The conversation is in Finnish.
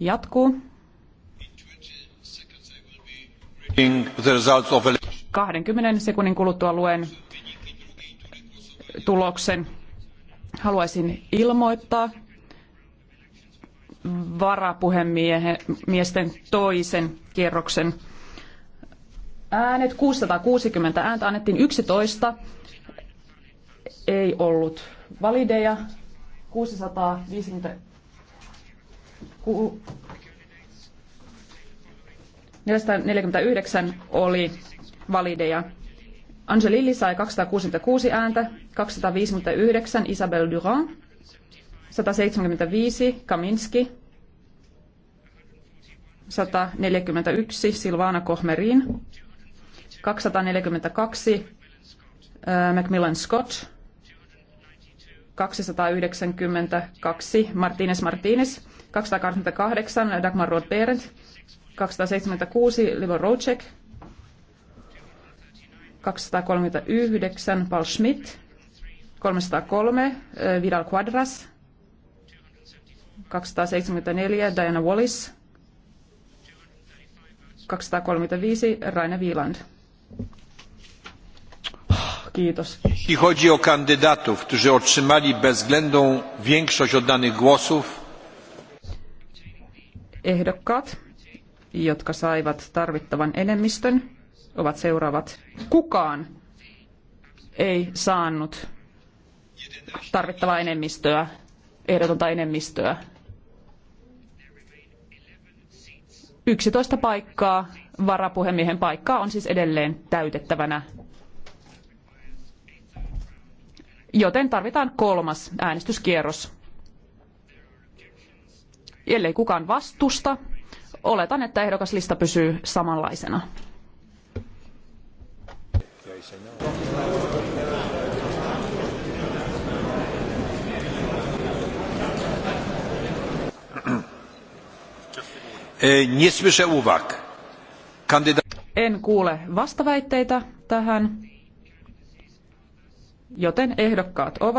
jatkuu. 20 sekunnin kuluttua luen tuloksen. Haluaisin ilmoittaa varapuhemiesten toisen kierroksen äänet. 660 ääntä annettiin 11. Ei ollut valideja. 650 449 oli valideja. Angelilli sai 266 ääntä, 259 Isabel Durand, 175 Kaminski, 141 Silvana Kohmerin, 242 äh, Macmillan Scott, 292 Martínez Martínez, 288 Dagmar Roth Berendt, 276 Livo Rocek, 239 Paul Schmidt, 303 eh, Vidal Quadras, 274 Diana Wallis, 235 Raina Wieland. Kiitos. Jeśli chodzi o kandydatów, którzy otrzymali bezwzględną większość oddanych głosów. Ehdokkaat, jotka saivat tarvittavan enemmistön, ovat seuraavat. Kukaan ei saanut tarvittavaa enemmistöä, ehdotonta enemmistöä. 11 paikkaa, varapuhemiehen paikkaa on siis edelleen täytettävänä joten tarvitaan kolmas äänestyskierros. Ellei kukaan vastusta, oletan, että ehdokaslista pysyy samanlaisena. En kuule vastaväitteitä tähän joten ehdokkaat ovat